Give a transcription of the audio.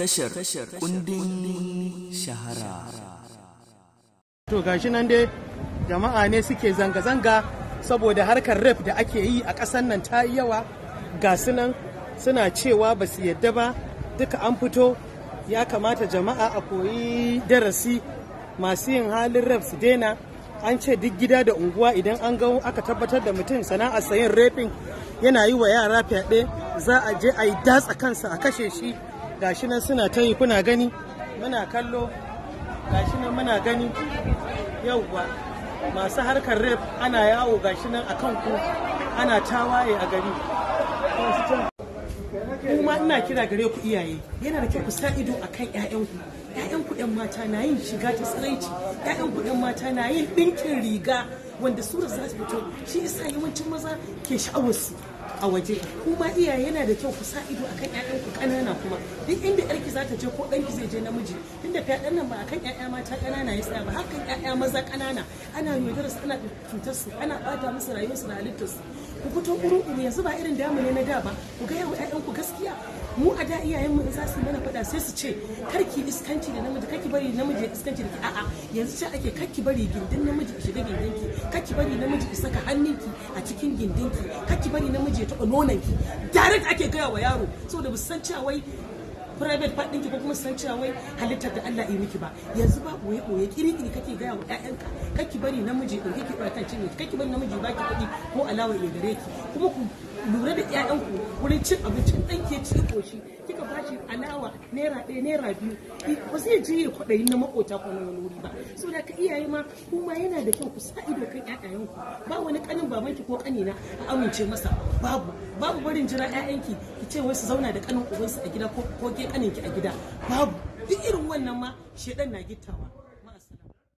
tashar kundin shahara to gashi nan dai jama'a ne suke zanga-zanga saboda harkar rap da ake yi a ƙasar nan ta yi yawa ga nan suna cewa ba su yadda ba duka an fito ya kamata jama'a a koyi darasi masu yin halin rap su daina an ce duk gida da unguwa idan an ga aka tabbatar da mutum sana'ar sayin rapin yana yi wa yara fyaɗe za a je a yi datsa kansa a kashe shi gashi nan suna ta yi kuna gani muna kallo gashi nan muna gani yauwa masu harkar rep ana yawo gashi nan a kan ku ana tawaye a gari kuma ina kira gare ku iyaye yana da kyau ku sa ido a kan 'ya'yanku 'ya'yanku 'yan mata na yin shiga ta tsiraici 'ya'yanku 'yan mata na yin ɗinkin riga wanda su da za su fito shi isa yawancin maza ke sha'awarsu a waje kuma iyaye yana da kyau ku sa ido akan ku ƙanana kuma duk inda yarki za ta je ko ɗanki zai je namiji tunda fyaɗen nan ba akan ƴaƴa mata ƙanana ya tsaya ba hakan ƴaƴa maza ƙanana ana yaudar su ana cutar su ana ɓata musu rayuwarsu da halittar su ku fito ƙuru yanzu ba irin damu ne na da ba ku ga yawa ƴaƴanku gaskiya mu a da iyayen mu za su mana faɗa sai su ce karki iskanci da namiji kaki bari namiji ya iskanci da ki a'a yanzu ce ake kaki bari gindin namiji ki shiga gindinki kaki bari namiji ki saka hannunki a cikin gindinki kaki bari namiji taɓa nonon ki direct ake gaya wa yaro saboda ba san cewa wai private part ɗinki ko kuma san cewa wai halittar da Allah yi miki ba yanzu ba boye boye kiri kiri kake gaya wa ƴaƴanka kake bari namiji ko kake ba kan cinye kake bari namiji ba ki kuɗi ko alawa ya gare ki kuma ku lura da ƴaƴanku wurin cin abinci dan ke ci koshi kika bashi alawa naira ɗaya naira biyu ba zai je ya kwaɗayi na makota ko na wani wuri ba da ka iyaye ma kuma yana da kyau ku sa ido kan ƴaƴayen ku. ba wani ƙanin babanki ko ƙanina a amince masa babu babu barin jira ƴaƴanki ki ce wai su zauna da ƙanin ubansu a gida ko ke ƙaninki a gida babu duk irin wannan ma shedan na gittawa